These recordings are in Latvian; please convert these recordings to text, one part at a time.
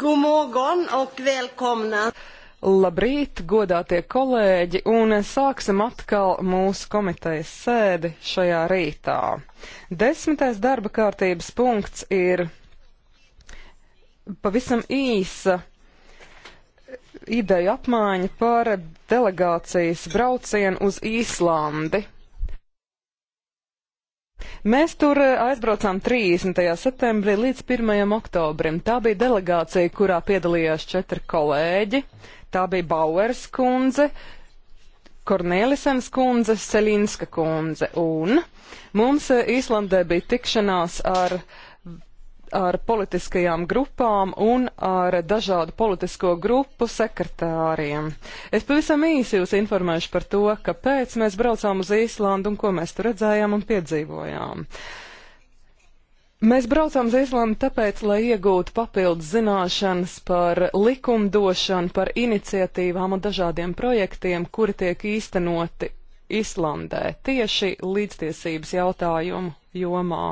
God morgon och välkomna! Labrīt, godātie kolēģi, un sāksim atkal mūsu komitejas sēdi šajā rītā. Desmitais darba kārtības punkts ir pavisam īsa ideju apmaiņa par delegācijas braucienu uz Īslandi Mēs tur eh, aizbraucām 30. septembrī līdz 1. oktobrim. Tā bija delegācija, kurā piedalījās četri kolēģi. Tā bija Bauers kundze, Kornelisens kundze, Selinska kundze un mums Īslandē eh, bija tikšanās ar uh, ar politiskajām grupām un ar dažādu politisko grupu sekretāriem. Es pavisam īsi jūs informēšu par to, kāpēc mēs braucām uz Īslandu un ko mēs tur redzējām un piedzīvojām. Mēs braucām uz Īslandu tāpēc, lai iegūtu papildus zināšanas par likumdošanu, par iniciatīvām un dažādiem projektiem, kuri tiek īstenoti Islandē tieši līdztiesības jautājumu jomā.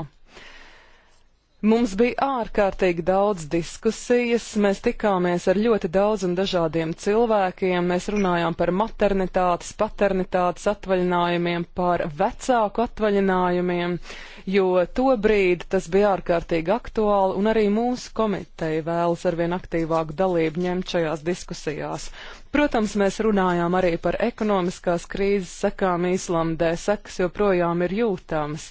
Mums bija ārkārtīgi daudz diskusijas, mēs tikāmies ar ļoti daudz un dažādiem cilvēkiem, mēs runājām par maternitātes, paternitātes atvaļinājumiem, par vecāku atvaļinājumiem. Uh, jo to brīdi tas bija ārkārtīgi aktuāli, un arī mūsu komiteja vēlas arvien aktīvāku dalību ņemt šajās diskusijās. Protams, mēs runājām arī par ekonomiskās krīzes sekām Īslandē, sekas joprojām ir jūtamas.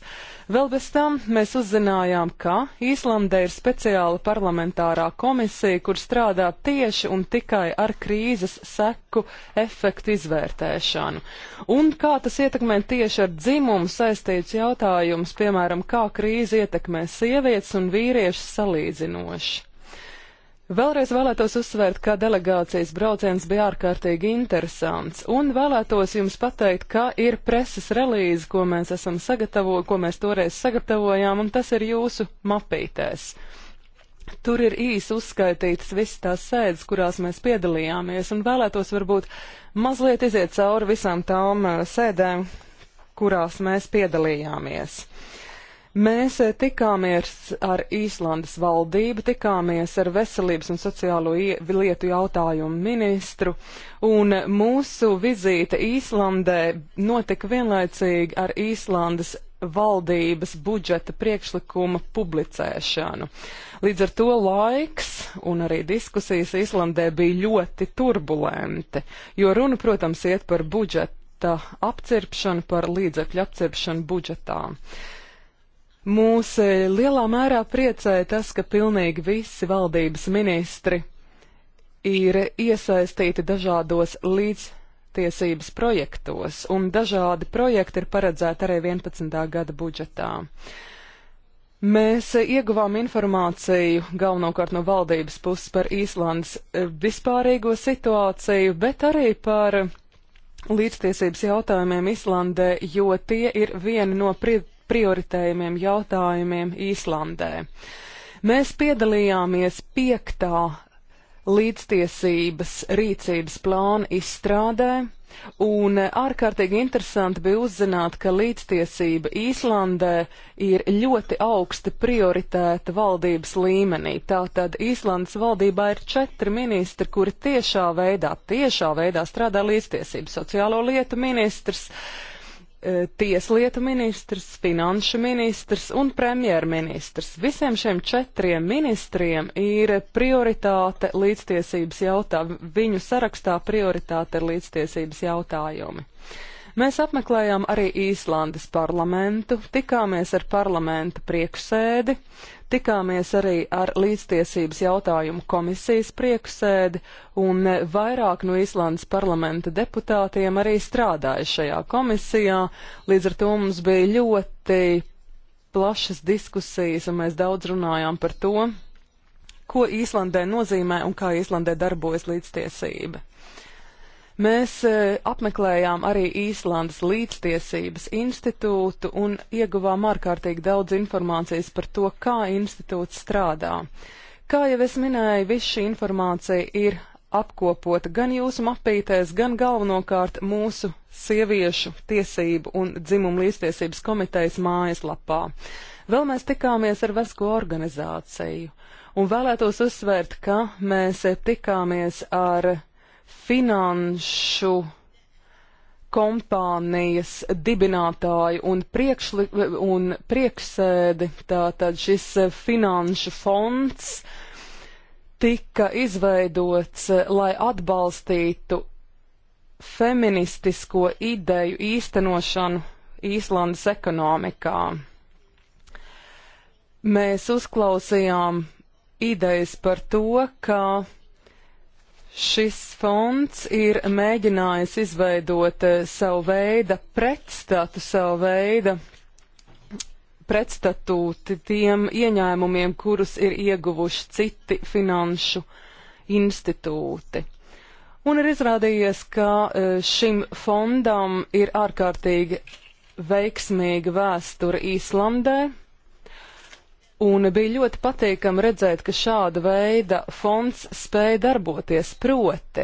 Vēl bez tam mēs uzzinājām, ka Īslandē ir speciāla parlamentārā komisija, kur strādā tieši un tikai ar krīzes sekām seku efektu izvērtēšanu. Un kā tas ietekmē tieši ar dzimumu saistīts jautājums, piemēram, kā krīze ietekmē sievietes un vīriešus salīdzinoši. Vēlreiz vēlētos uzsvērt, ka delegācijas brauciens bija ārkārtīgi interesants, un vēlētos jums pateikt, ka ir preses relīze, ko mēs esam sagatavojuši, ko mēs toreiz sagatavojām, un tas ir jūsu mapītēs. Tur ir īsi uzskaitītas visas tās sēdes, kurās mēs piedalījāmies, un vēlētos varbūt mazliet iziet cauri visām tām eh, sēdēm, kurās mēs piedalījāmies. Mēs eh, tikāmies ar Īslandes valdību, tikāmies ar veselības un sociālo lietu jautājumu ministru, un mūsu vizīte Īslandē notika vienlaicīgi ar Īslandes valdības budžeta priekšlikuma publicēšanu. Līdz ar to laiks un arī diskusijas Islandē bija ļoti turbulenti, jo runa, protams, iet par budžeta apcirpšanu, par līdzekļu apcirpšanu budžetā. Mūs e, lielā mērā priecēja tas, ka pilnīgi visi valdības ministri ir iesaistīti dažādos līdz tiesības projektos, un dažādi projekti ir paredzēti arī 11. gada budžetā. Mēs ieguvām informāciju galvenokārt no valdības puses par Īslandes e, vispārīgo situāciju, bet arī par līdztiesības jautājumiem Īslandē, jo tie ir viena no pri prioritējumiem jautājumiem Īslandē. Mēs piedalījāmies piektā līdztiesības rīcības plāna izstrādē, un ārkārtīgi interesanti bija uzzināt, ka līdztiesība Īslandē ir ļoti augsti prioritēta valdības līmenī. Tātad Īslandes valdībā ir četri ministri, kuri tiešā veidā, tiešā veidā strādā līdztiesību - sociālo lietu ministrs, uh, E, tieslietu ministrs, finanšu ministrs un premjerministrs. Visiem šiem četriem ministriem ir prioritāte līdztiesības jautājumi. Viņu sarakstā prioritāte ir līdztiesības jautājumi. Mēs apmeklējām arī Īslandes parlamentu, tikāmies ar parlamenta priekšsēdi, uh, Tikāmies arī ar līdztiesības jautājumu komisijas prieksēdi, un vairāk no Īslandes parlamenta deputātiem arī strādāja šajā komisijā. Līdz ar to mums bija ļoti plašas diskusijas, un mēs daudz runājām par to, ko Īslandē nozīmē un kā Īslandē darbojas līdztiesība. Mēs e, apmeklējām arī Īslandes līdztiesības institūtu un ieguvām ārkārtīgi daudz informācijas par to, kā institūts strādā. Kā jau es minēju, viss šī informācija ir apkopota gan jūsu mapītēs, gan galvenokārt mūsu sieviešu tiesību un dzimumu līdztiesības komitejas mājaslapā. Vēl mēs tikāmies ar vesko organizāciju un vēlētos uzsvērt, ka mēs e, tikāmies ar finanšu kompānijas dibinātāju un, priekšli, un prieksēdi, tātad šis finanšu fonds tika izveidots, lai atbalstītu feministisko ideju īstenošanu Īslandes ekonomikā. Mēs uzklausījām idejas par to, ka Šis fonds ir mēģinājis izveidot eh, savu veidu pretstatu, savu veidu pretstatūti tiem ieņēmumiem, kurus ir ieguvuši citi finanšu institūti. Un ir izrādījies, ka eh, šim fondam ir ārkārtīgi veiksmīga vēsture Īslandē, Un bija ļoti patīkami redzēt, ka šāda veida fonds spēja darboties proti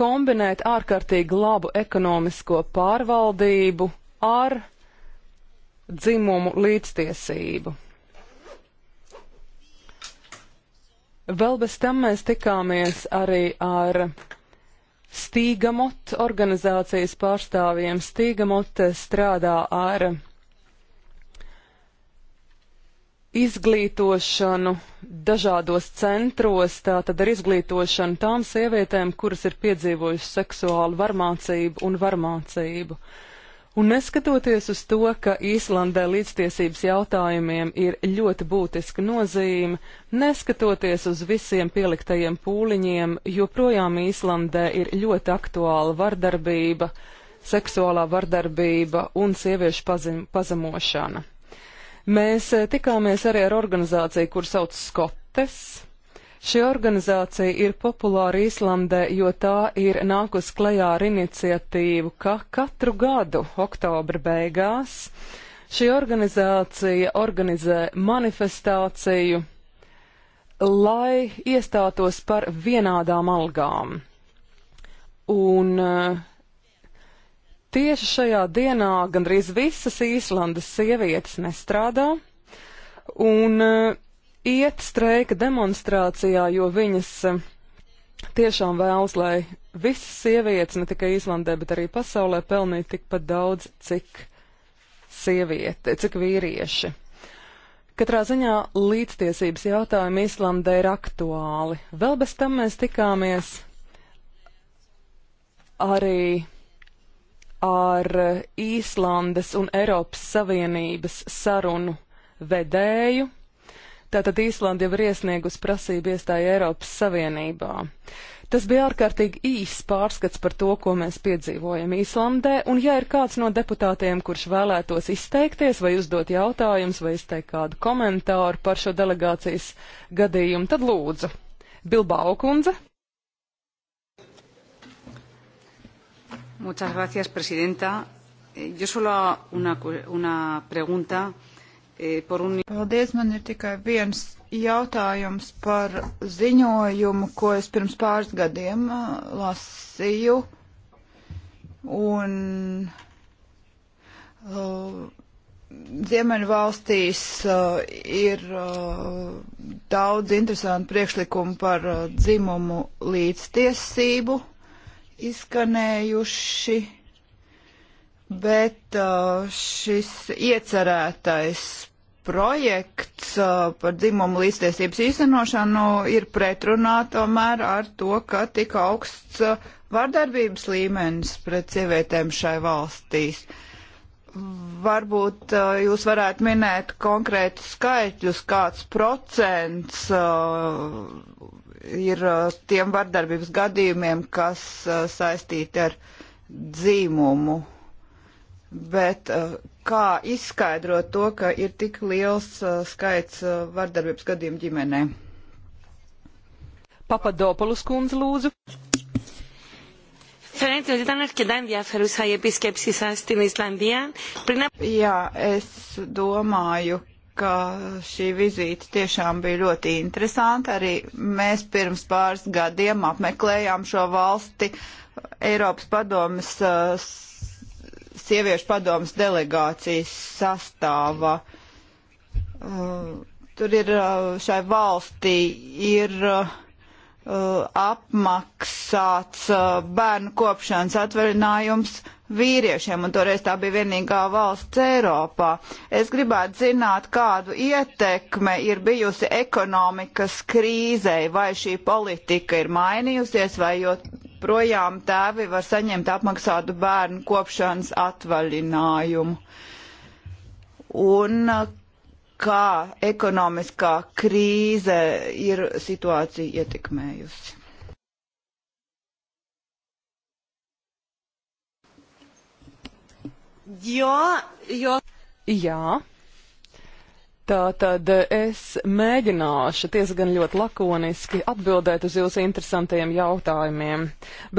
kombinēt ārkārtīgi labu ekonomisko pārvaldību ar dzimumu līdztiesību. Vēl bez tam mēs tikāmies arī ar Stīgamot organizācijas pārstāvjiem. Stīgamot strādā ar izglītošanu dažādos centros, tātad ar izglītošanu tām sievietēm, kuras ir piedzīvojušas seksuālu varmācību un varmācību. Un neskatoties uz to, ka Īslandē līdztiesības jautājumiem ir ļoti būtiska nozīme, neskatoties uz visiem pieliktajiem pūliņiem, joprojām Īslandē ir ļoti aktuāla vardarbība, seksuālā vardarbība un sieviešu pazem pazemošana. Mēs eh, tikāmies arī ar organizāciju, kur sauc Skotes. Šī organizācija ir populāra Īslandē, jo tā ir nākus klajā ar iniciatīvu, ka katru gadu oktobra beigās šī organizācija organizē manifestāciju, lai iestātos par vienādām algām. Un uh, Tieši šajā dienā gandrīz visas Īslandes sievietes nestrādā un eh, iet streika demonstrācijā, jo viņas eh, tiešām vēlas, lai visas sievietes, ne tikai Īslandē, bet arī pasaulē, pelnītu tikpat daudz, cik sieviete, cik vīrieši. Katrā ziņā līdztiesības jautājumi Īslandē ir aktuāli. Vēl bez tam mēs tikāmies arī ar Īslandes un Eiropas Savienības sarunu vedēju. Tātad Īslanda jau ir iesniegusi prasību iestāju Eiropas Savienībā. Tas bija ārkārtīgi īss pārskats par to, ko mēs piedzīvojam Īslandē, un ja ir kāds no deputātiem, kurš vēlētos izteikties vai uzdot jautājumus vai izteikt kādu komentāru par šo delegācijas gadījumu, tad lūdzu. Bilbao kundze. señora presidenta. Eh, yo solo una, una pregunta eh, por un. Paldies, man ir tikai viens jautājums par ziņojumu, ko es pirms pāris gadiem eh, lasīju. Un uh, Ziemeļvalstīs uh, ir uh, daudz interesantu priekšlikumu par uh, dzimumu līdztiesību izskanējuši, bet uh, šis iecerētais projekts uh, par dzimumu līdztiesības īstenošanu ir pretrunā tomēr ar to, ka tik augsts uh, vardarbības līmenis pret sievietēm šai valstīs. Varbūt jūs varētu minēt konkrētu skaitļus, kāds procents ir uh, tiem vardarbības gadījumiem, kas uh, saistīti ar dzīmumu. Bet uh, kā izskaidrot to, ka ir tik liels skaits vardarbības gadījumu ģimenē? Papadopoulos kundze lūdzu. Φαίνεται ότι ήταν αρκετά ενδιαφέρουσα η επίσκεψή σας στην Ισλανδία. Πριν... Jā, es domāju, ka šī vizīte tiešām bija ļoti interesanta. Arī mēs pirms pāris gadiem apmeklējām šo valsti Eiropas padomas, uh, sieviešu padomas delegācijas sastāvā. Uh, tur ir uh, šai valstī ir Uh, apmaksāts uh, bērnu kopšanas atvaļinājums vīriešiem, un toreiz tā bija vienīgā valsts Eiropā. Es gribētu zināt, kādu ietekme ir bijusi ekonomikas krīzei, vai šī politika ir mainījusies, vai joprojām tēvi var saņemt apmaksātu bērnu kopšanas atvaļinājumu. Un uh, kā ekonomiskā krīze ir situāciju ietekmējusi. Jā, jo. Jā. Tātad eh, es mēģināšu diezgan ļoti lakoniski atbildēt uz jūsu interesantajiem jautājumiem.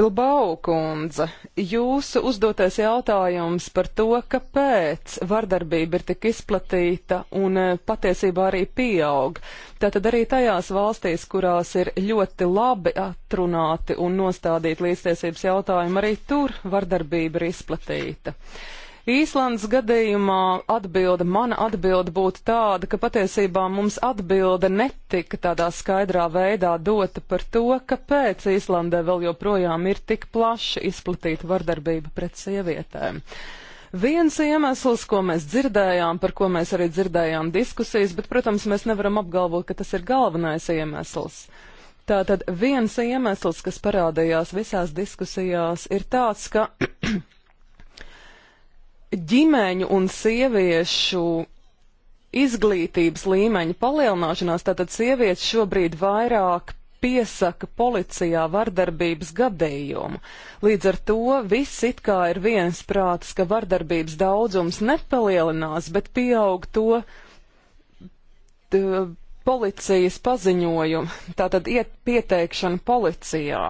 Bilbao kundze, jūsu uzdotais jautājums par to, kāpēc vardarbība ir tik izplatīta un eh, patiesībā arī pieaug. Tātad arī tajās valstīs, kurās ir ļoti labi atrunāti un nostādīti līdztiesības jautājumi, arī tur vardarbība ir izplatīta. Uh, Īslandes gadījumā atbilde, mana atbilde būtu tāda, ka patiesībā mums atbilde netika tādā skaidrā veidā dota par to, kāpēc Īslandē vēl joprojām ir tik plaši izplatīta vardarbība pret sievietēm. Viens iemesls, ko mēs dzirdējām, par ko mēs arī dzirdējām diskusijas, bet, protams, mēs nevaram apgalvot, ka tas ir galvenais iemesls. Tātad viens iemesls, kas parādījās visās diskusijās, ir tāds, ka ģimeņu un sieviešu izglītības līmeņa palielināšanās, tātad sievietes šobrīd vairāk piesaka policijā vardarbības gadījumu. Līdz ar to viss it kā ir viens prāts, ka vardarbības daudzums nepalielinās, bet pieaug to t, policijas paziņojumu, tātad iet, pieteikšanu policijā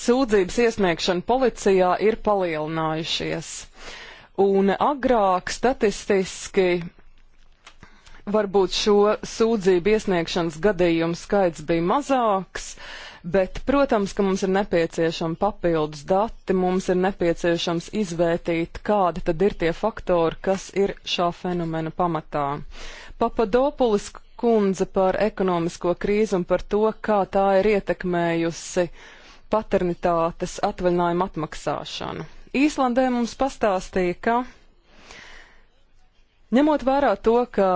sūdzības iesniegšana policijā ir palielinājušies. Un agrāk statistiski varbūt šo sūdzību iesniegšanas gadījumu skaits bija mazāks, bet, protams, ka mums ir nepieciešama papildus dati, mums ir nepieciešams izvērtīt, kādi tad ir tie faktori, kas ir šā fenomena pamatā. Papadopulis kundze par ekonomisko krīzi un par to, kā tā ir ietekmējusi uh, paternitātes atvaļinājumu atmaksāšanu. Īslandē mums pastāstīja, ka ņemot vērā to, ka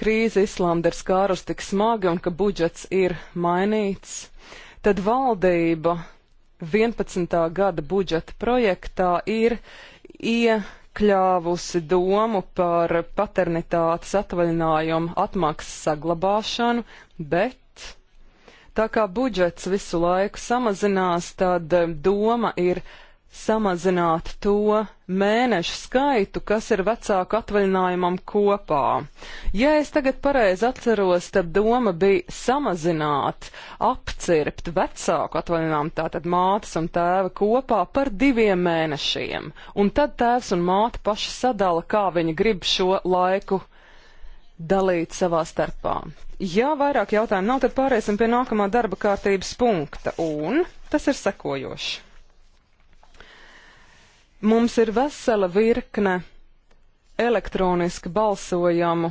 krīze Īslanda ir skārus tik smagi un ka budžets ir mainīts, tad valdība 11. gada budžeta projektā ir iekļāvusi domu par paternitātes atvaļinājumu atmaksas saglabāšanu, bet Tā kā budžets visu laiku samazinās, tad eh, doma ir samazināt to mēnešu skaitu, kas ir vecāku atvaļinājumam kopā. Ja es tagad pareizi atceros, tad doma bija samazināt, apcirpt vecāku atvaļinājumu, tātad mātes un tēva kopā par diviem mēnešiem, un tad tēvs un māte paši sadala, kā viņi grib šo laiku dalīt savā starpā. Ja vairāk jautājumu nav, tad pāriesim pie nākamā darba kārtības punkta, un tas ir sekojoši. Mums ir vesela virkne elektroniski balsojamu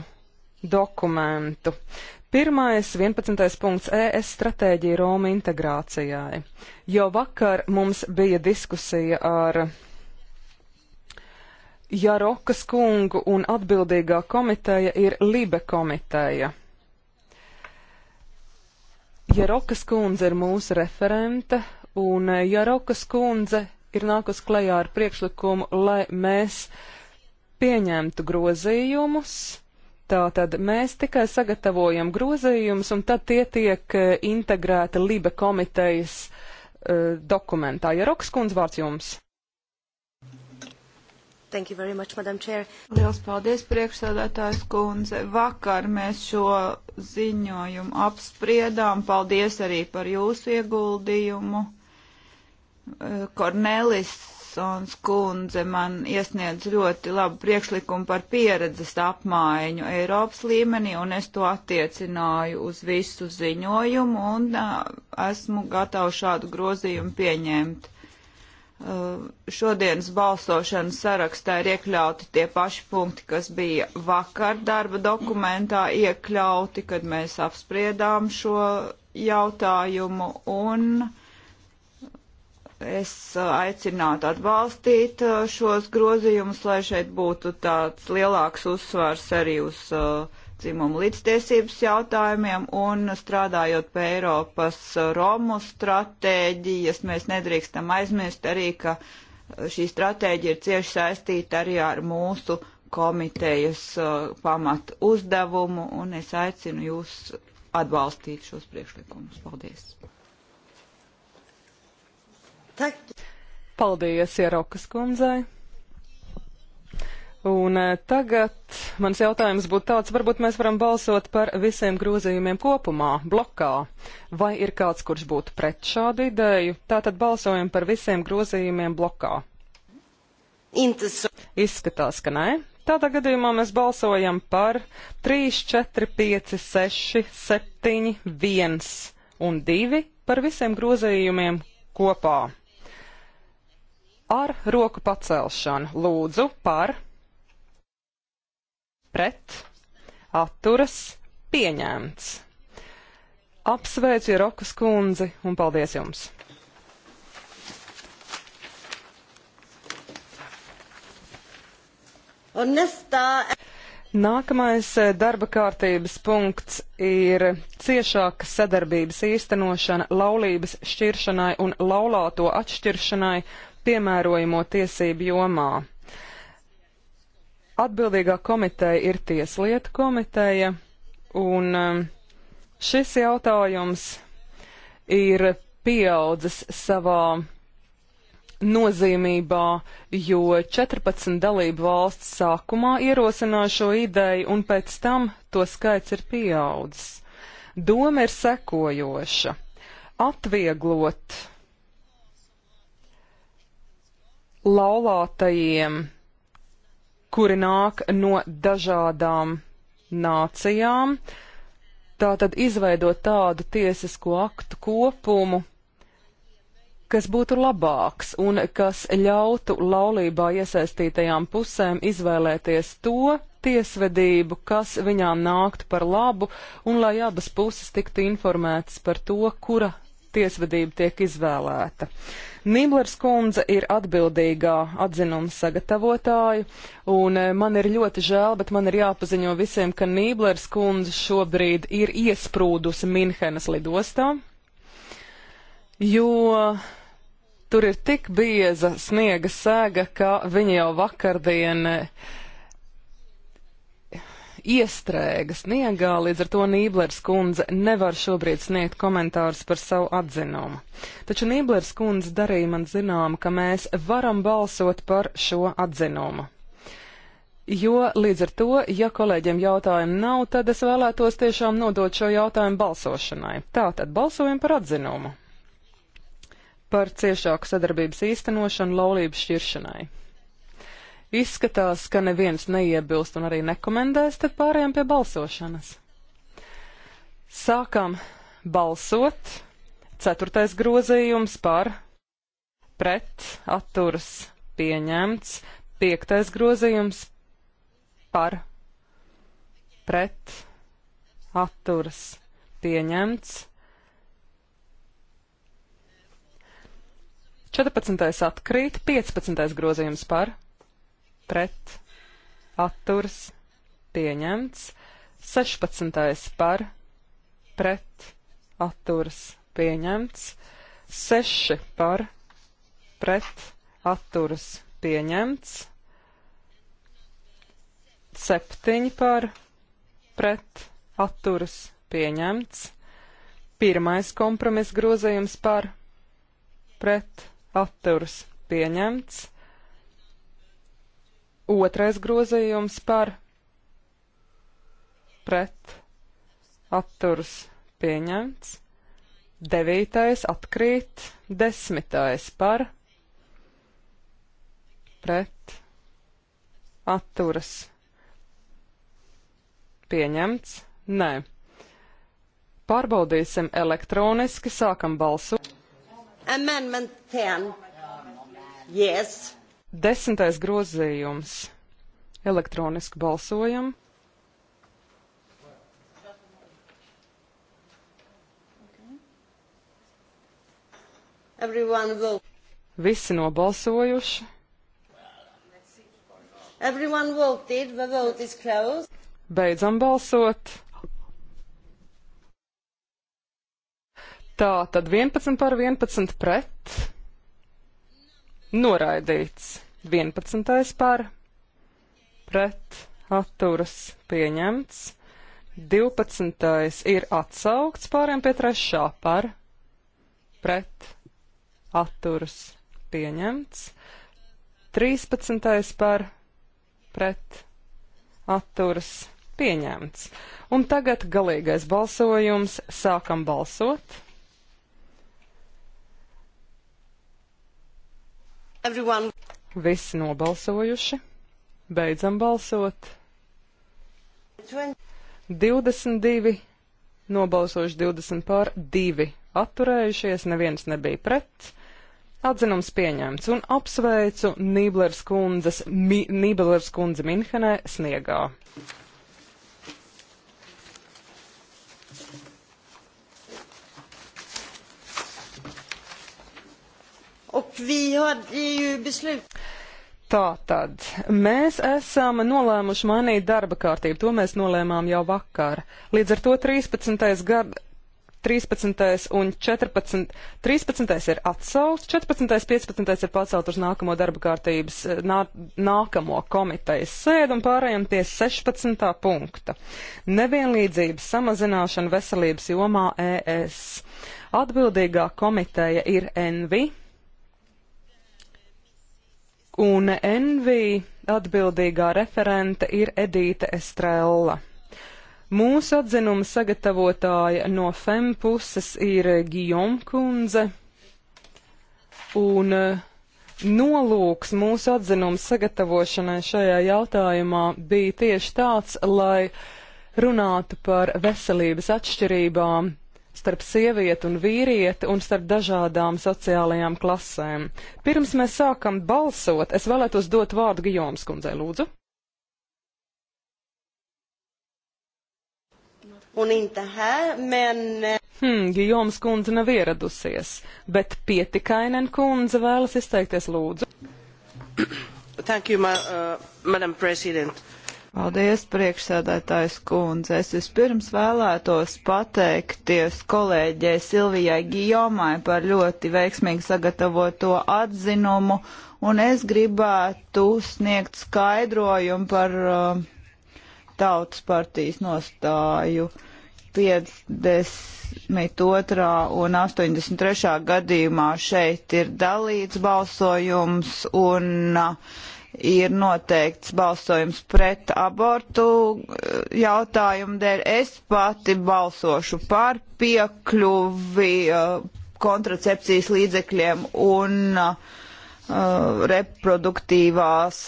dokumentu. Pirmais, 11. punkts ES stratēģija Roma integrācijai. Jau vakar mums bija diskusija ar Jarokas kungu un atbildīgā komiteja ir Libe komiteja. Jarokas kundze ir mūsu referente, un Jarokas kundze ir nākus klajā ar priekšlikumu, lai mēs pieņemtu grozījumus. Tātad mēs tikai sagatavojam grozījumus, un tad tie tiek eh, integrēti Libe komitejas uh, dokumentā. Jarokas kundze vārds jums. Thank you very much, Madam Chair. Liels paldies, priekšsādātājs kundze. Vakar mēs šo ziņojumu apspriedām. Paldies arī par jūsu ieguldījumu. Eh, Kornelisons kundze man iesniedz ļoti labu priekšlikumu par pieredzes apmaiņu Eiropas līmenī, un es to attiecināju uz visu ziņojumu, un eh, esmu gatava šādu grozījumu pieņemt Eh, šodienas balsošanas sarakstā ir iekļauti tie paši punkti, kas bija vakar darba dokumentā iekļauti, kad mēs apspriedām šo jautājumu, un es eh, aicinātu atbalstīt eh, šos grozījumus, lai šeit būtu tāds lielāks uzsvars arī uz uh, dzimumu līdztiesības jautājumiem un strādājot pie Eiropas Romu stratēģijas, mēs nedrīkstam aizmirst arī, ka šī stratēģija ir cieši saistīta arī ar mūsu komitejas uh, pamatu uzdevumu, un es aicinu jūs atbalstīt šos priekšlikumus. Paldies! Paldies, Ierokas kundzei! Un eh, tagad mans jautājums būtu tāds, varbūt mēs varam balsot par visiem grozījumiem kopumā, blokā. Vai ir kāds, kurš būtu pret šādu ideju? Tātad balsojam par visiem grozījumiem blokā. Intes. Izskatās, ka nē. Tādā gadījumā mēs balsojam par 3, 4, 5, 6, 7, 1 un 2 par visiem grozījumiem kopā. Ar roku pacelšanu lūdzu par pret, atturas, pieņemts. Apsveicu Rokas kundzi un paldies jums! Un nestā... Nākamais eh, darba kārtības punkts ir ciešāka sadarbības īstenošana laulības šķiršanai un laulāto atšķiršanai piemērojamo tiesību jomā. Atbildīgā komiteja ir tieslietu komiteja, un um, šis jautājums ir pieaudzis savā nozīmībā, jo 14 dalību valsts sākumā ierosināja šo ideju, un pēc tam to skaits ir pieaudzis. Doma ir sekojoša - atvieglot laulātajiem kuri nāk no dažādām nācijām. Tātad izveidot tādu tiesisko aktu kopumu, kas būtu labāks un kas ļautu laulībā iesaistītajām pusēm izvēlēties to tiesvedību, kas viņām nāktu par labu, un lai abas puses tiktu informētas par to, kura tiesvedība tiek izvēlēta. Nīblers kundze ir atbildīgā atzinuma sagatavotāja, un eh, man ir ļoti žēl, bet man ir jāpaziņo visiem, ka Nīblers kundze šobrīd ir iesprūdusi Minhenes lidostā, jo tur ir tik bieza sniega sēga, ka viņa jau vakardien eh, iestrēga sniegā, līdz ar to Nīblers kundze nevar šobrīd sniegt komentārus par savu atzinumu. Taču Nīblers kundze darīja man zinām, ka mēs varam balsot par šo atzinumu. Jo līdz ar to, ja kolēģiem jautājumu nav, tad es vēlētos tiešām nodot šo jautājumu balsošanai. Tātad balsojam par atzinumu. Par ciešāku sadarbības īstenošanu laulības šķiršanai. Izskatās, ka neviens neiebilst un arī nekomendēs, tad pārējām pie balsošanas. Sākam balsot. Ceturtais grozījums par pret atturas pieņemts. Piektais grozījums par pret atturas pieņemts. 14. atkrīt, 15. grozījums par pret pret, atturs, pieņemts. 16. par, pret, atturs, pieņemts. 6 par, pret, atturs, pieņemts. 7 par, pret, atturs, pieņemts. Pirmais kompromiss grozījums par, pret, atturs, pieņemts. Otrais grozījums par pret atturs pieņemts. Devītais atkrīt. Desmitais par pret atturas pieņemts. Nē. Pārbaudīsim elektroniski, sākam balsu. Amendment 10. Yes. Desmitais grozījums. Elektroniski balsojam. Visi nobalsojuši. Voted, vote Beidzam balsot. Tā tad 11 par 11 pret. Noraidīts. 11. par pret atturas pieņemts. 12. ir atsaukts pāriem pie 3. par pret atturas pieņemts. 13. par pret atturas pieņemts. Un tagad galīgais balsojums. Sākam balsot. Everyone. Visi nobalsojuši. Beidzam balsot. 22 nobalsojuši 20 pār 2 atturējušies, neviens nebija pret. Atzinums pieņemts un apsveicu Nīblers kundzes, mi, Nīblers kundze Minhenē sniegā. E Tātad, mēs esam nolēmuši mainīt darba kārtību, to mēs nolēmām jau vakar. Līdz ar to 13. gad, 13. un 14. 13. ir atsaukts, 14. 15. ir pacelt uz nākamo darba kārtības, nā, nākamo komitejas sēdu un pārējiem pie 16. punkta. Nevienlīdzības samazināšana veselības jomā ES. Atbildīgā komiteja ir ENVI un NV atbildīgā referente ir Edīte Estrella. Mūsu atzinuma sagatavotāja no FEM puses ir Gijom kundze, un eh, nolūks mūsu atzinuma sagatavošanai šajā jautājumā bija tieši tāds, lai runātu par veselības atšķirībām starp sievieti un vīrieti un starp dažādām sociālajām klasēm. Pirms mēs sākam balsot, es vēlētos dot vārdu Gijomas kundzei, lūdzu. Un intahē, men... Eh, hmm, Gijomas kundze nav ieradusies, bet pietikainen kundze vēlas izteikties, lūdzu. Thank you, ma, uh, Madam President. Uh, Paldies, priekšsēdētājs kundze. Es vispirms vēlētos pateikties kolēģei Silvijai Gijomai par ļoti veiksmīgi sagatavoto atzinumu, un es gribētu sniegt skaidrojumu par uh, tautas partijas nostāju. 52. un 83. gadījumā šeit ir dalīts balsojums un uh, ir noteikts balsojums pret abortu eh, jautājumu dēļ. Es pati balsošu par piekļuvi eh, kontracepcijas līdzekļiem un eh, reproduktīvās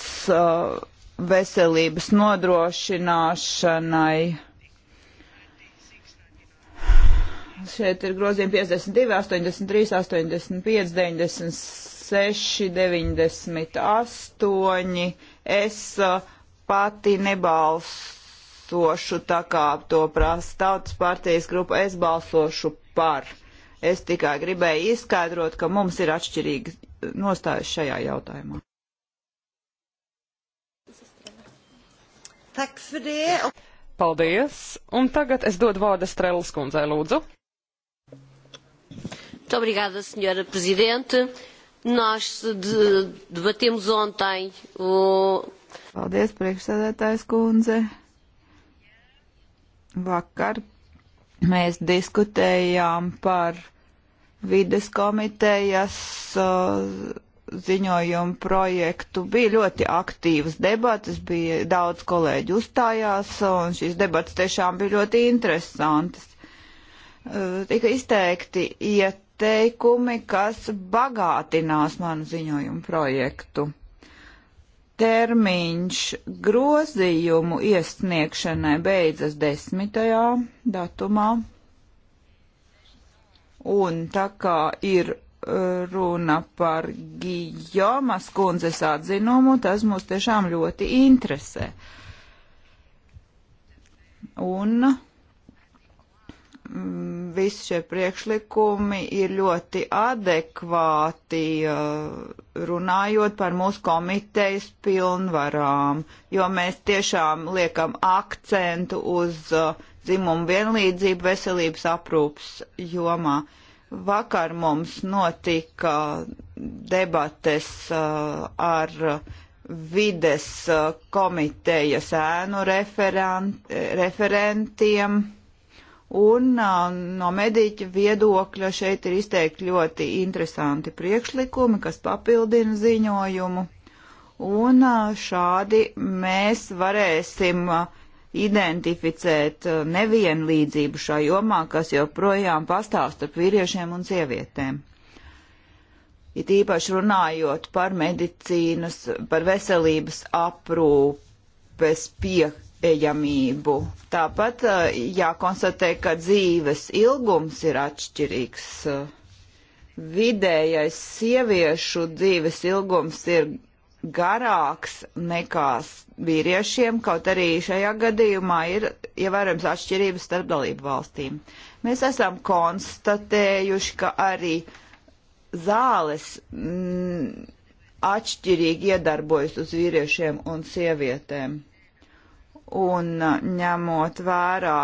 veselības nodrošināšanai. Šeit ir grozījumi 52, 83, 85, 96. 96,98. Es pati nebalsošu tā kā to prasa tautas partijas grupa, es balsošu par. Es tikai gribēju izskaidrot, ka mums ir atšķirīga nostājas šajā jautājumā. Paldies! Un tagad es dodu vārdu Strelas kundzei, lūdzu. Muito obrigada, senhora Presidente. Nós debatemos ontem o. Paldies, priekšsēdētājs kundze. Vakar mēs diskutējām par vides komitejas uh, ziņojumu projektu. Bija ļoti aktīvas debatas, bija daudz kolēģi uzstājās, un šīs debatas tiešām bija ļoti interesantas. Uh, tika izteikti iet teikumi, kas bagātinās manu ziņojumu projektu. Termiņš grozījumu iesniegšanai beidzas 10. datumā, un tā kā ir uh, runa par Gijomas kundzes atzinumu, tas mūs tiešām ļoti interesē. Un Mm, visi šie priekšlikumi ir ļoti adekvāti uh, runājot par mūsu komitejas pilnvarām, jo mēs tiešām liekam akcentu uz uh, dzimumu vienlīdzību veselības aprūpas jomā. Vakar mums notika debates uh, ar vides komitejas ēnu referent, referentiem Un no mediķa viedokļa šeit ir izteikti ļoti interesanti priekšlikumi, kas papildina ziņojumu. Un šādi mēs varēsim identificēt nevienlīdzību šā jomā, kas joprojām pastāv starp vīriešiem un sievietēm. It īpaši runājot par medicīnas, par veselības aprūpes piekļuvi pieejamību. Tāpat eh, jākonstatē, ka dzīves ilgums ir atšķirīgs. Eh, vidējais sieviešu dzīves ilgums ir garāks nekā vīriešiem, kaut arī šajā gadījumā ir ievērojams ja atšķirības starp dalību valstīm. Mēs esam konstatējuši, ka arī zāles m, mm, atšķirīgi iedarbojas uz vīriešiem un sievietēm un uh, ņemot vērā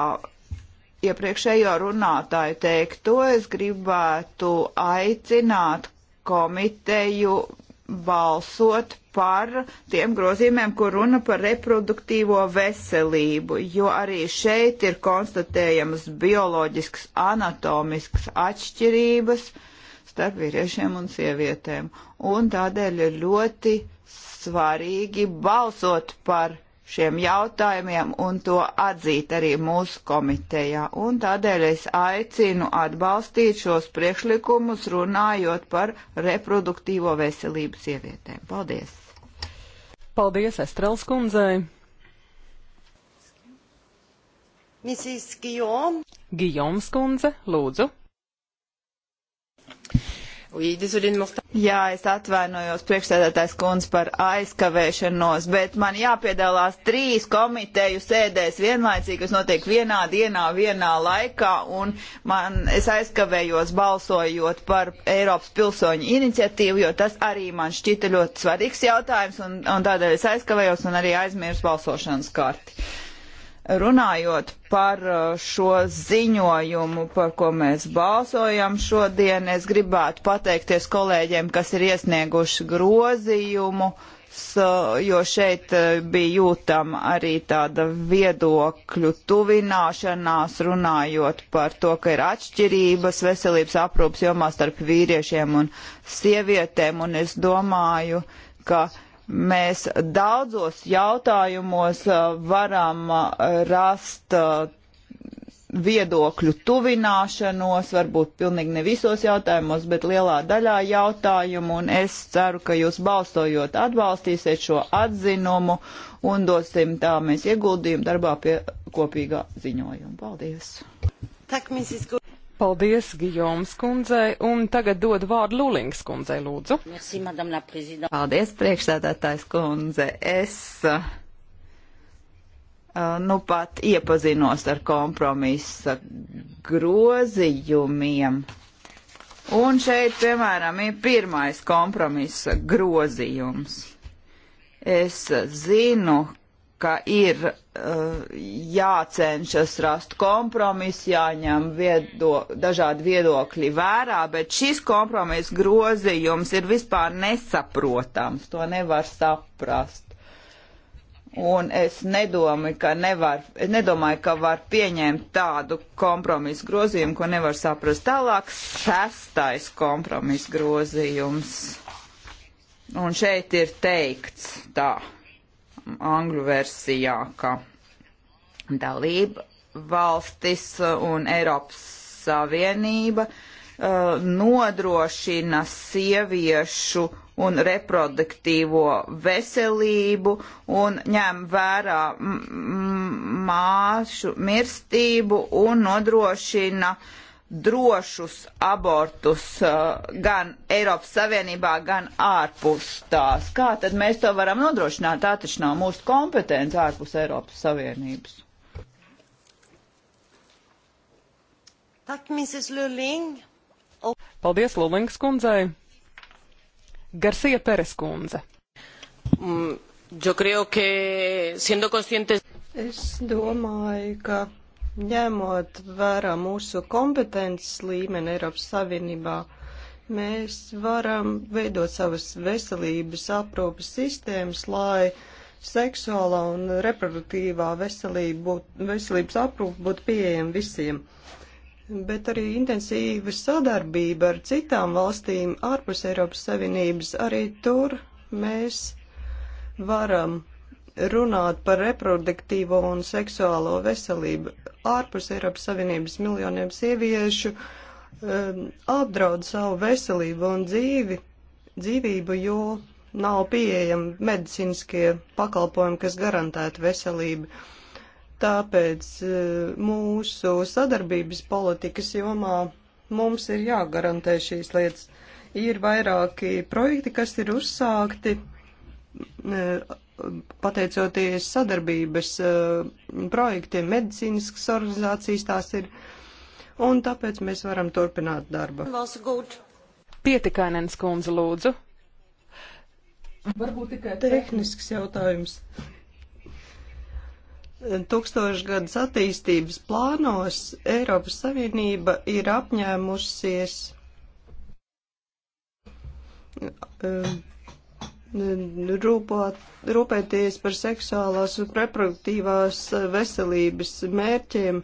iepriekšējo runātāju teikto, es gribētu aicināt komiteju balsot par tiem grozījumiem, kur runa par reproduktīvo veselību, jo arī šeit ir konstatējamas bioloģiskas, anatomiskas atšķirības starp vīriešiem un sievietēm. Un tādēļ ir ļoti svarīgi balsot par šiem jautājumiem un to atzīt arī mūsu komitejā. Un tādēļ es aicinu atbalstīt šos priekšlikumus runājot par reproduktīvo veselību sievietēm. Paldies! Paldies Estrels kundzei! Mrs. Gijom. Gijoms kundze, lūdzu. Jā, es atvainojos priekšsēdētājs kundz par aizkavēšanos, bet man jāpiedalās trīs komiteju sēdēs vienlaicīgi, kas notiek vienā dienā, vienā laikā, un man, es aizkavējos balsojot par Eiropas pilsoņu iniciatīvu, jo tas arī man šķita ļoti svarīgs jautājums, un, un tādēļ es aizkavējos un arī aizmirsu balsošanas karti. Runājot par uh, šo ziņojumu, par ko mēs balsojam šodien, es gribētu pateikties kolēģiem, kas ir iesnieguši grozījumu, jo šeit uh, bija jūtama arī tāda viedokļu tuvināšanās, runājot par to, ka ir atšķirības veselības aprūpas jomā starp vīriešiem un sievietēm, un es domāju, ka uh, mēs daudzos jautājumos uh, varam uh, rast uh, viedokļu tuvināšanos, varbūt pilnīgi ne visos jautājumos, bet lielā daļā jautājumu, un es ceru, ka jūs balstojot atbalstīsiet šo atzinumu un dosim tā mēs ieguldījumu darbā pie kopīgā ziņojuma. Paldies! Tak, Paldies Gijoms kundzei, un tagad dod vārdu Lulings kundzei, lūdzu. Merci, Paldies, priekšsēdētājs kundze. Es eh, eh, nu pat iepazinos ar kompromisa grozījumiem. Un šeit, piemēram, ir pirmais kompromisa grozījums. Es zinu, ka ir jācenšas rast kompromisu, jāņem viedo, dažādi viedokļi vērā, bet šis kompromiss grozījums ir vispār nesaprotams, to nevar saprast. Un es nedomāju, ka, nevar, nedomāju, ka var pieņemt tādu kompromisu grozījumu, ko nevar saprast. Tālāk sestais kompromisu grozījums. Un šeit ir teikts tā angļu versijā, ka dalība valstis un Eiropas Savienība uh, nodrošina sieviešu un reproduktīvo veselību un ņem vērā māšu mirstību un nodrošina uh, drošus abortus uh, gan Eiropas Savienībā, gan ārpus tās. Kā tad mēs to varam nodrošināt? Tā taču nav mūsu kompetence ārpus Eiropas Savienības. Tak, Mrs. Luling. Paldies Lulings kundzei. Garcia Peres kundze. Mm, yo creo que siendo conscientes. Es domāju, ka Ņemot vērā mūsu kompetences līmeni Eiropas Savienībā, mēs varam veidot savas veselības aprūpas sistēmas, lai seksuālā un reproduktīvā veselība būt, veselības aprūpa būtu pieejama visiem. Bet arī intensīva sadarbība ar citām valstīm ārpus Eiropas Savienības, arī tur mēs varam runāt par reproduktīvo un seksuālo veselību. Ārpus Eiropas Savienības miljoniem sieviešu um, apdraud savu veselību un dzīvi, dzīvību, jo nav pieejami medicīniskie pakalpojumi, kas garantētu veselību. Tāpēc uh, mūsu sadarbības politikas jomā mums ir jāgarantē šīs lietas. Ir vairāki projekti, kas ir uzsākti uh, pateicoties sadarbības eh, projektiem, medicīniskas organizācijas tās ir, un tāpēc mēs varam turpināt darbu. Pietikainens kundze lūdzu. Varbūt tikai tehnisks jautājums. Tūkstošgadus attīstības plānos Eiropas Savienība ir apņēmusies eh, rūpot, rūpēties par seksuālās un reproduktīvās veselības mērķiem,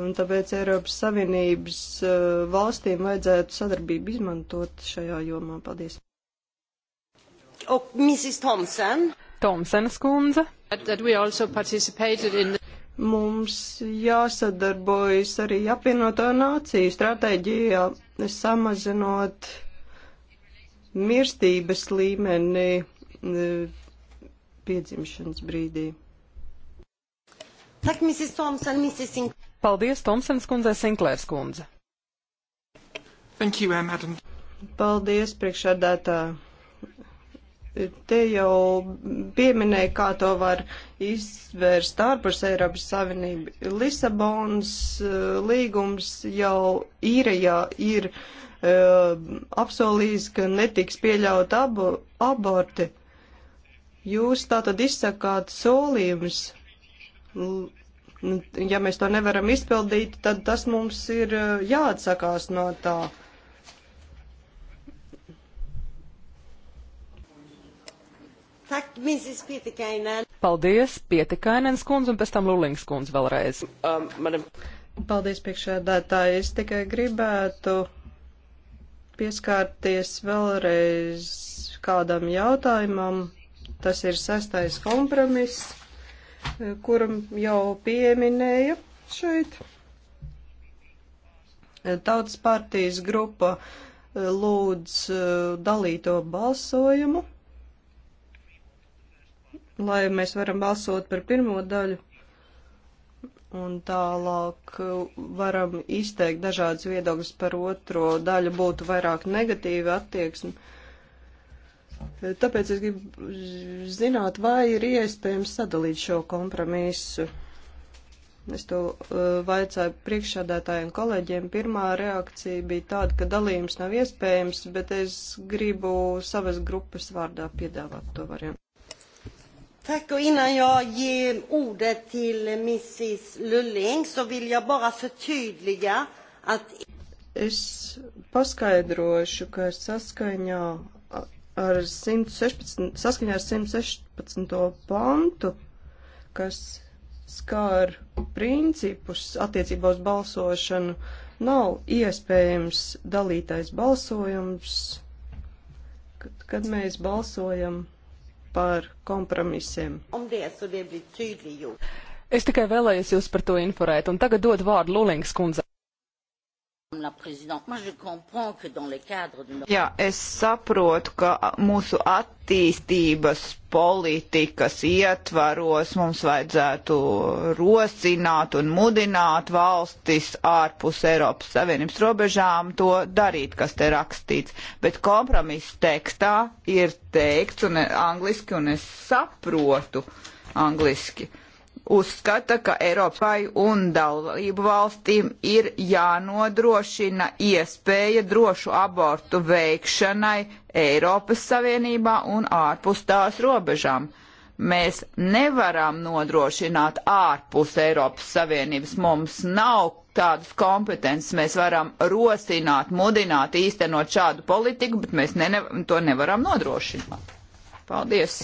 un tāpēc Eiropas Savienības eh, valstīm vajadzētu sadarbību izmantot šajā jomā. Paldies! Oh, Mrs. Thompson. Thompsons kundze. That, that we also participated in the mums jāsadarbojas arī apvienoto nāciju stratēģijā, samazinot uh, mirstības līmeni e, piedzimšanas brīdī. Paldies, Tomsens kundzei, Sinklērs kundze. Thank you, eh, madam. Paldies, priekšādātā. Te jau pieminēja, kā to var izvērst ārpus Eiropas Savienību. Lisabonas e, līgums jau īrajā ir. Ja ir apsolījis, ka netiks pieļaut abu, aborti. Jūs tātad izsakāt solījumus. Ja mēs to nevaram izpildīt, tad tas mums ir jāatsakās no tā. Paldies, Pietikainens kundze, un pēc tam Lulings kundze vēlreiz. Um, Paldies, priekšēdētāji. Es tikai gribētu pieskārties vēlreiz kādam jautājumam. Tas ir sastais kompromiss, kuram jau pieminēja šeit. Tautas partijas grupa eh, lūdz eh, dalīto balsojumu, lai mēs varam balsot par pirmo daļu. Un tālāk uh, varam izteikt dažādas viedokļas par otro daļu, būtu vairāk negatīva attieksme. Tāpēc es gribu zināt, vai ir iespējams sadalīt šo kompromisu. Es to uh, vaicāju priekšsādātājiem kolēģiem. Pirmā reakcija bija tāda, ka dalījums nav iespējams, bet es gribu savas grupas vārdā piedāvāt to variantu. Tack och innan jag ger ordet till Mrs Lulling så vill jag bara förtydliga att Es paskaidrošu, ka saskaņā ar 116, saskaņā ar 116. pantu, kas skār principus attiecībā uz balsošanu, nav iespējams dalītais balsojums, kad, kad mēs balsojam par kompromisiem. Es tikai vēlējos jūs par to informēt, un tagad dod vārdu Lulings kundzei. Jā, es saprotu, ka mūsu attīstības politikas ietvaros mums vajadzētu rosināt un mudināt valstis ārpus Eiropas Savienības robežām to darīt, kas te rakstīts. Bet kompromiss tekstā ir teikts un angliski, un es saprotu angliski. Uh, uzskata, ka Eiropai un dalību valstīm ir jānodrošina iespēja drošu abortu veikšanai Eiropas Savienībā un ārpus tās robežām. Mēs nevaram nodrošināt ārpus Eiropas Savienības. Mums nav tādas kompetences. Mēs varam rosināt, mudināt, īstenot šādu politiku, bet mēs ne, ne, to nevaram nodrošināt. Paldies!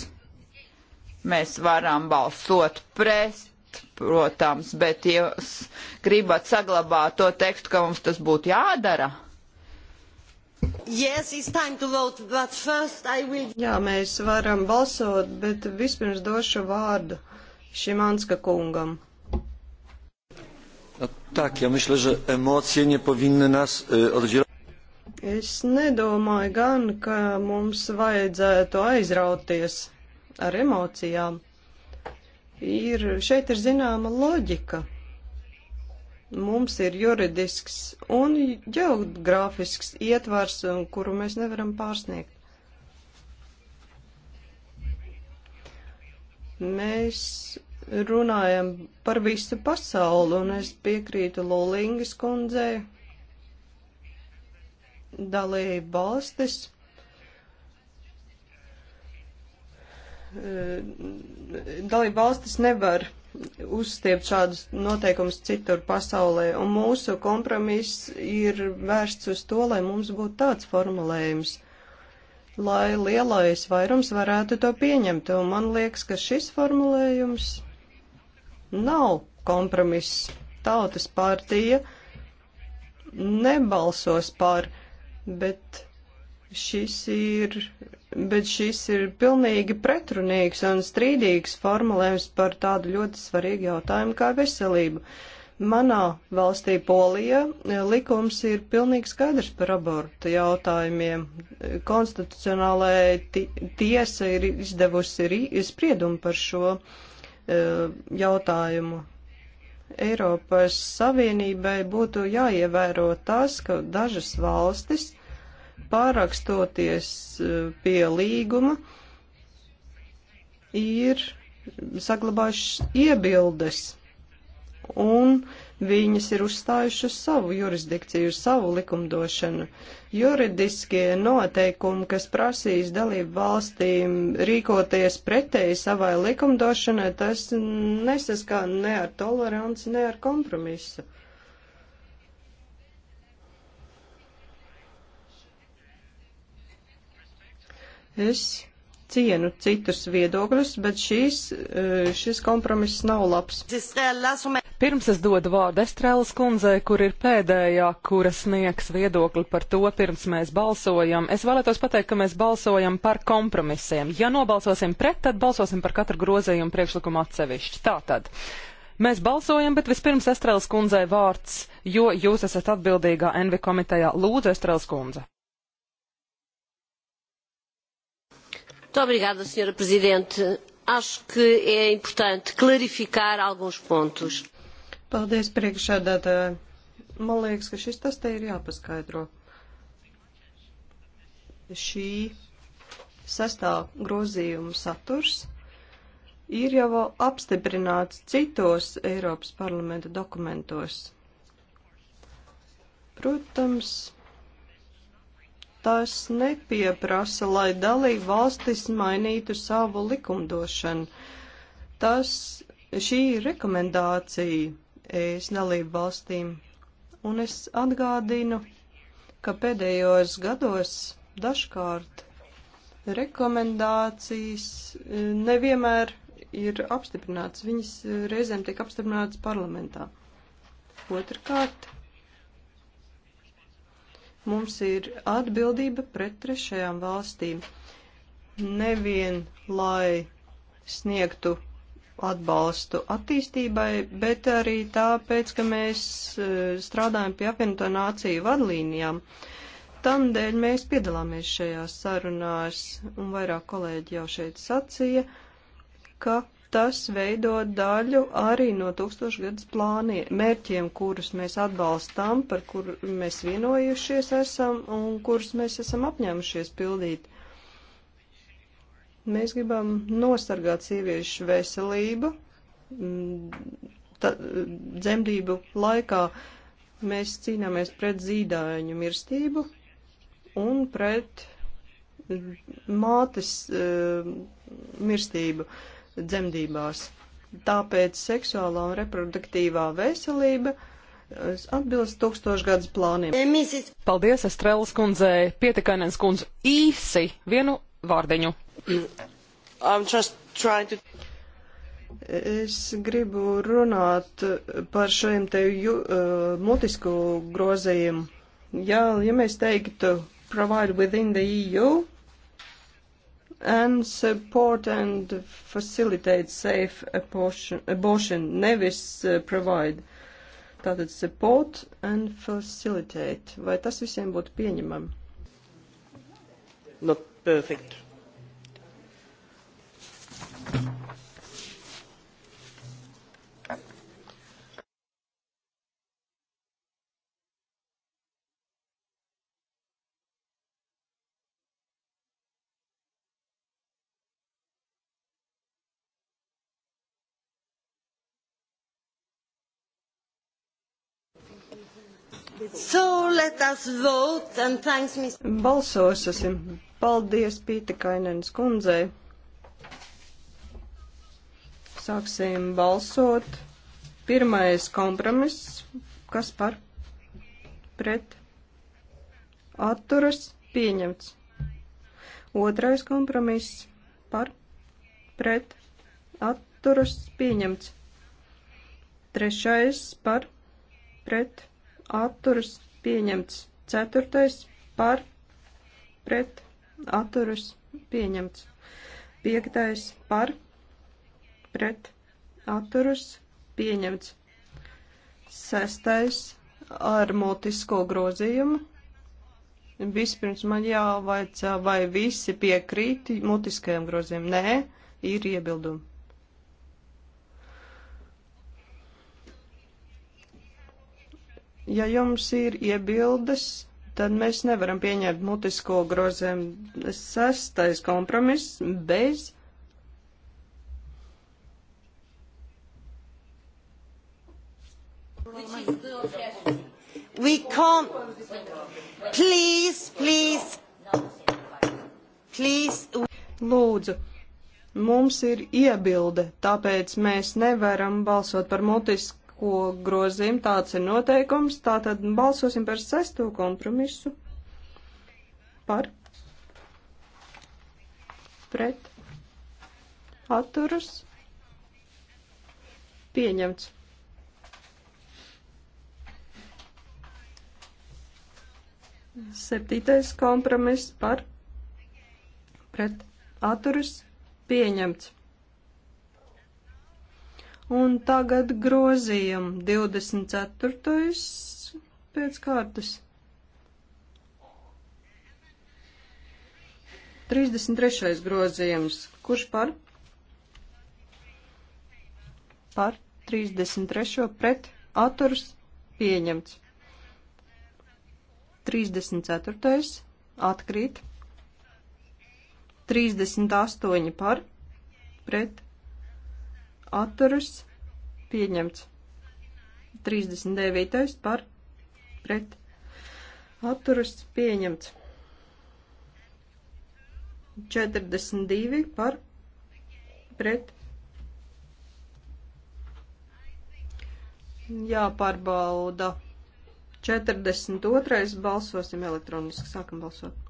Mēs varam balsot pret, protams, bet jūs gribat saglabāt to tekstu, ka mums tas būtu jādara. Yes, vote, will... Jā, mēs varam balsot, bet vispirms došu vārdu Šimanska kungam. No, tak, ja myślę, że emocje nie powinny nas y, oddzielać. Es nedomāju gan, ka mums vajadzētu aizrauties ar emocijām. Ir, šeit ir zināma loģika. Mums ir juridisks un geogrāfisks ietvars, kuru mēs nevaram pārsniegt. Mēs runājam par visu pasauli, un es piekrītu Lolingas kundzei dalību valstis Eh, dalība valstis nevar uzstiept šādus noteikumus citur pasaulē, un mūsu kompromiss ir vērsts uz to, lai mums būtu tāds formulējums, lai lielais vairums varētu to pieņemt, un man liekas, ka šis formulējums nav kompromiss. Tautas partija nebalsos par, bet šis ir bet šis ir pilnīgi pretrunīgs un strīdīgs formulējums par tādu ļoti svarīgu jautājumu kā veselība. Manā valstī Polija likums ir pilnīgi skaidrs par abortu jautājumiem. Konstitucionālajai ti tiesa ir izdevusi spriedumu par šo uh, jautājumu. Eiropas Savienībai būtu jāievēro tas, ka dažas valstis pārakstoties e, pie līguma, ir saglabājušas iebildes, un viņas ir uzstājušas uz savu jurisdikciju, uz savu likumdošanu. Juridiskie noteikumi, kas prasīs dalību valstīm rīkoties pretēji savai likumdošanai, tas nesaskan ne ar toleranci, ne ar kompromisu. Es cienu citus viedokļus, bet šīs, eh, šis kompromiss nav labs. Pirms es dodu vārdu Estrēlas kundzei, kur ir pēdējā, kura sniegs viedokli par to, pirms mēs balsojam. Es vēlētos pateikt, ka mēs balsojam par kompromisiem. Ja nobalsosim pret, tad balsosim par katru grozījumu priekšlikumu atsevišķi. Tātad. Mēs balsojam, bet vispirms Estrēlas kundzei vārds, jo jūs esat atbildīgā Envi komitejā. Lūdzu, Estrēlas kundze. Muito obrigada, Sra. Presidente. Acho que é importante clarificar alguns pontos. Paldies, priekšsēdētāji. Man liekas, ka šis tas te ir jāpaskaidro. Šī sestā grozījuma saturs ir jau apstiprināts citos Eiropas parlamenta dokumentos. Protams, tas nepieprasa, lai dalību valstis mainītu savu likumdošanu. Tas, šī ir rekomendācija es dalību valstīm, un es atgādinu, ka pēdējos gados dažkārt rekomendācijas e, nevienmēr ir apstiprināts, viņas reizēm tiek apstiprināts parlamentā. Otrkārt, Mums ir atbildība pret trešajām valstīm. Nevien, lai sniegtu atbalstu attīstībai, bet arī tāpēc, ka mēs e, strādājam pie apvienoto nāciju vadlīnijām. Tādēļ mēs piedalāmies šajās sarunās, un vairāk kolēģi jau šeit sacīja, ka tas veido daļu arī no tūkstošgadus plāniem, mērķiem, kurus mēs atbalstām, par kur mēs vienojušies esam un kurus mēs esam apņēmušies pildīt. Mēs gribam nosargāt sieviešu veselību, mm, ta, dzemdību laikā mēs cīnāmies pret zīdaiņu mirstību un pret mātes uh, mirstību. Uh, dzemdībās. Tāpēc seksuālā un reproduktīvā veselība atbilst tūkstošgadus plāniem. Paldies, Estrēlas kundzei, pietikainens kundz īsi vienu vārdiņu. To... Es gribu runāt par šiem te ju, uh, mutisku grozējumu. Jā, ja mēs teiktu provide within the EU, and support and facilitate safe abortion, abortion nevis uh, provide. Tātad support and facilitate. Vai tas visiem būtu pieņemami? Not perfect. So let us vote and thanks, Mr. Balsosim. Paldies Pīta Kainēnas kundzei. Sāksim balsot. Pirmais kompromiss. Kas par? Pret. Atturas. Pieņemts. Otrais kompromiss. Par. Pret. Atturas. Pieņemts. Trešais par. Pret atturas pieņemts. Ceturtais par pret atturas pieņemts. Piektais par pret atturas pieņemts. Sestais ar multisko grozījumu. Vispirms man jāvaicā, vai visi piekrīt mutiskajam grozījumam. Nē, ir iebildumi. Ja jums ir iebildes, tad mēs nevaram pieņemt mutisko grozījumu. Sestais kompromiss bez. We can't. Please, please, please. Lūdzu, mums ir iebilde, tāpēc mēs nevaram balsot par mutisku ko grozim, tāds ir noteikums, tātad balsosim par sesto kompromisu. Par. Pret. Atturus. Pieņemts. Septītais kompromiss par pret atturis pieņemts. Un tagad grozījam 24. pēc kārtas. 33. grozījums. Kurš par? Par 33. pret atturs pieņemts. 34. atkrīt. 38 par pret atturas pieņemts. 39. par pret atturas pieņemts. 42 par pret. Jāpārbauda. 42. balsosim elektroniski. Sākam balsot.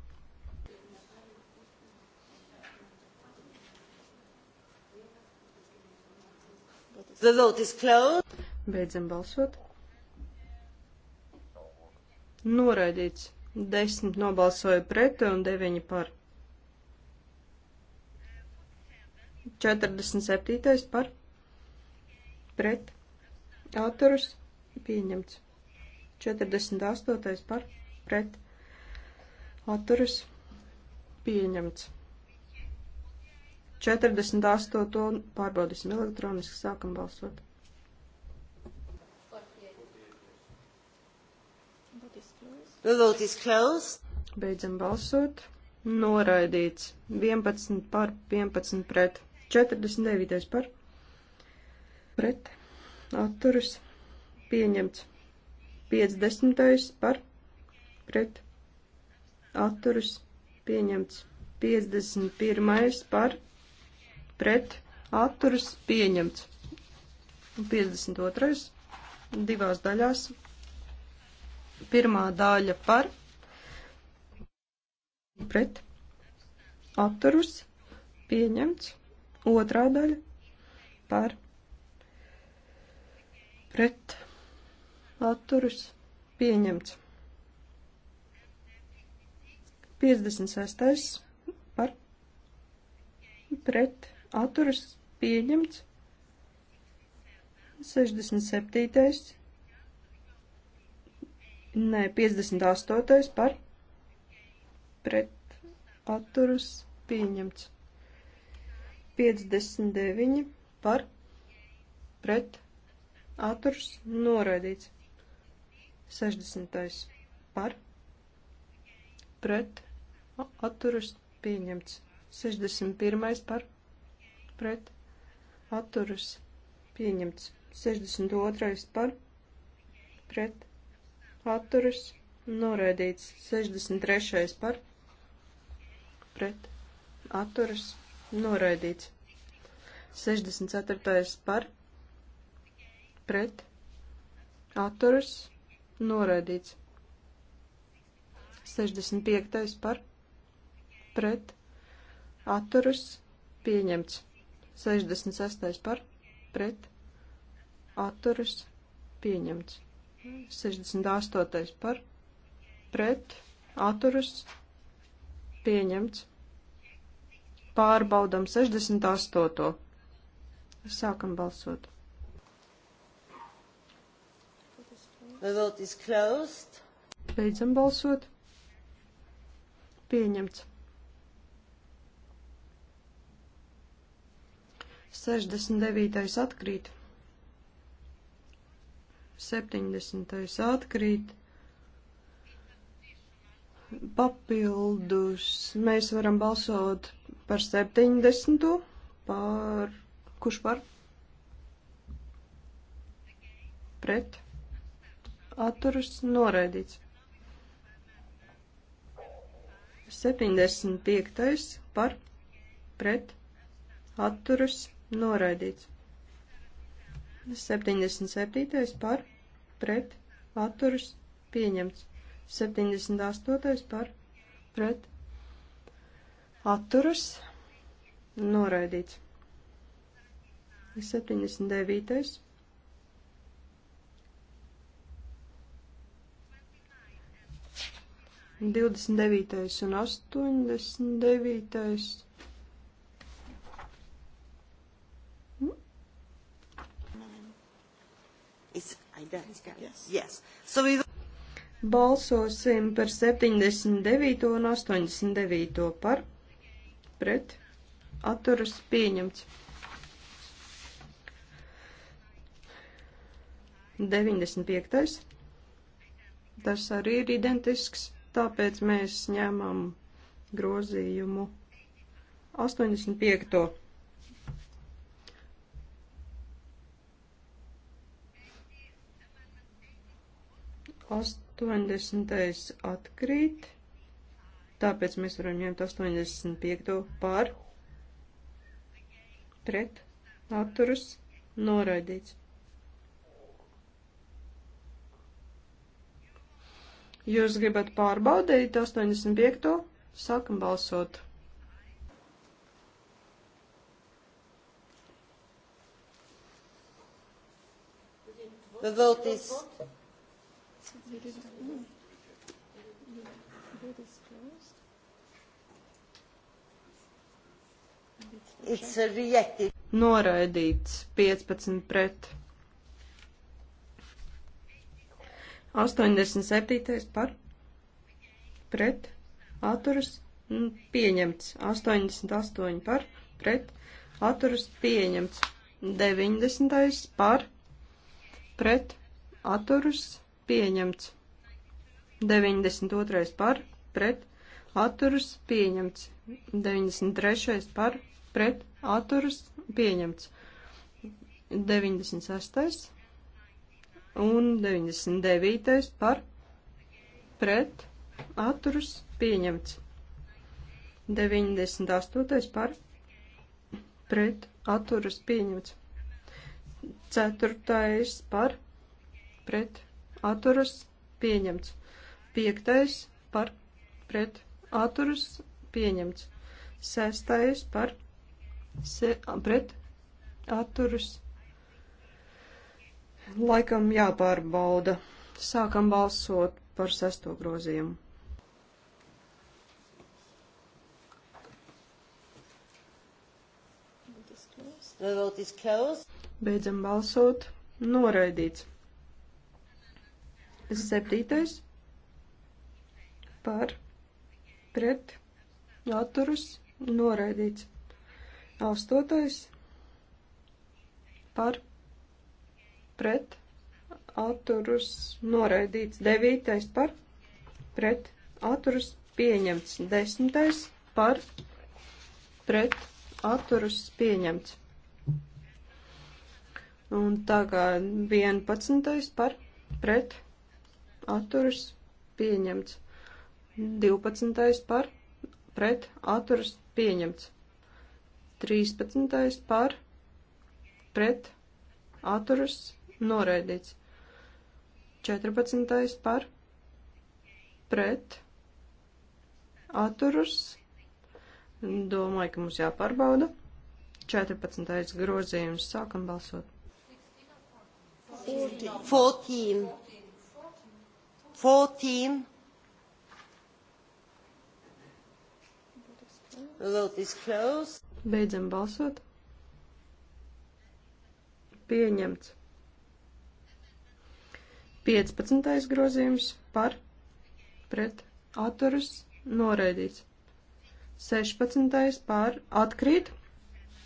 The vote is closed. Beidzam balsot. Noraidīts. Desmit nobalsoja pret un deviņi par. 47. par. Pret. Autors pieņemts. 48. par. Pret. Autors pieņemts. 48. pārbaudīsim elektroniski, sākam balsot. The vote is closed. Beidzam balsot. Noraidīts. 11 par, 11 pret. 49 par. Pret. Atturas. Pieņemts. 50 par. Pret. Atturas. Pieņemts. 51 par pret atturas pieņemts. 52. divās daļās. Pirmā daļa par pret atturas pieņemts. Otrā daļa par pret atturas pieņemts. 56. par pret atturas pieņemts. 67. Nē, 58. par pret atturas pieņemts. 59 par pret atturas noraidīts. 60. par pret atturas pieņemts. 61. par pret pret atturas pieņemts. 62. par pret atturas noraidīts. 63. par pret atturas noraidīts. 64. par pret atturas noraidīts. 65. par pret atturas pieņemts. 66. par pret atturas pieņemts. 68. par pret atturas pieņemts. Pārbaudam 68. Sākam balsot. The vote is closed. Beidzam balsot. Pieņemts. 69. atkrīt, 70. atkrīt. Papildus mēs varam balsot par 70. Par kurš par? Pret. Atturas noraidīts. 75. par pret atturas noraidīts. 77. par pret atturas pieņemts. 78. par pret atturas noraidīts. 79. 29. un 89. Identical. Yes. yes. So we... Balsosim par 79. un 89. par pret atturas pieņemts. 95. Tas arī ir identisks, tāpēc mēs ņemam grozījumu 85. 80. atkrīt, tāpēc mēs varam ņemt 85. par, pret, atturas, noraidīts. Jūs gribat pārbaudīt 85. Sākam balsot. The vote is You didn't. No. The vote is closed. It's rejected. Noraidīts 15 pret. 87. par pret atturas pieņemts. 88 par pret atturas pieņemts. 90. par pret atturas pieņemts pieņemts. 92. par, pret, atturas, pieņemts. 93. par, pret, atturas, pieņemts. 96. un 99. par, pret, atturas, pieņemts. 98. par, pret, atturas, pieņemts. 4. par, pret, atturas pieņemts. Piektais par pret atturas pieņemts. Sestais par se, pret atturas. Laikam jāpārbauda. Sākam balsot par sesto grozījumu. Beidzam balsot. Noraidīts. Septītais par pret atturus noraidīts. Astotais par pret atturus noraidīts. Devītais par pret atturus pieņemts. Desmitais par pret atturus pieņemts. Un tagad vienpadsmitais par pret atturas pieņemts. 12. par pret atturas pieņemts. 13. par pret atturas noraidīts. 14. par pret atturas. Domāju, ka mums jāpārbauda. 14. grozījums. Sākam balsot. 14. 14. 14. Vote is closed. Beidzam balsot. Pieņemts. 15. grozījums par pret atturas noraidīts. 16. pār atkrīt.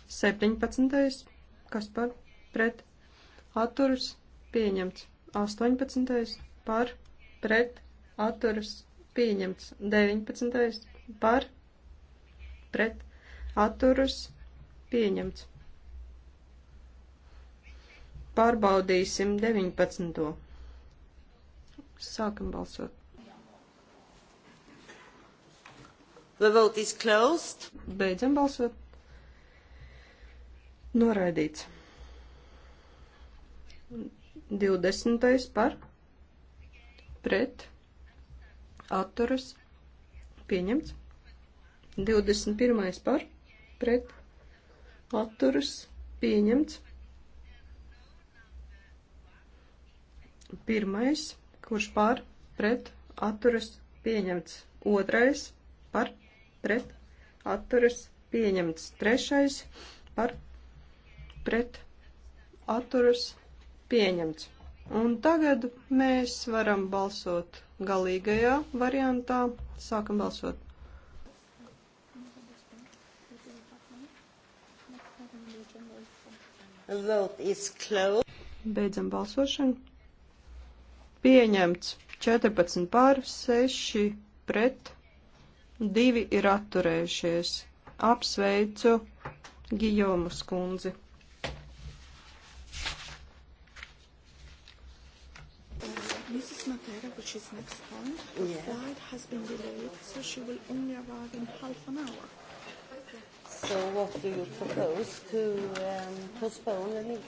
17. kas par pret atturas pieņemts. 18. pār pret atturas pieņemts. 19. par pret atturas pieņemts. Pārbaudīsim 19. Sākam balsot. The vote is closed. Beidzam balsot. Noraidīts. 20. par pret atturas pieņemts. 21. par pret atturas pieņemts. Pirmais, kurš par pret atturas pieņemts. Otrais par pret atturas pieņemts. Trešais par pret atturas pieņemts. Un tagad mēs varam balsot galīgajā variantā. Sākam balsot. Beidzam balsošanu. Pieņemts 14 pār 6 pret, 2 ir atturējušies. Apsveicu Gijomu skundzi. Ferreira, which is next on, yeah. flight has been delayed, so she will only arrive in half an hour. So what do you propose to um, postpone the meeting?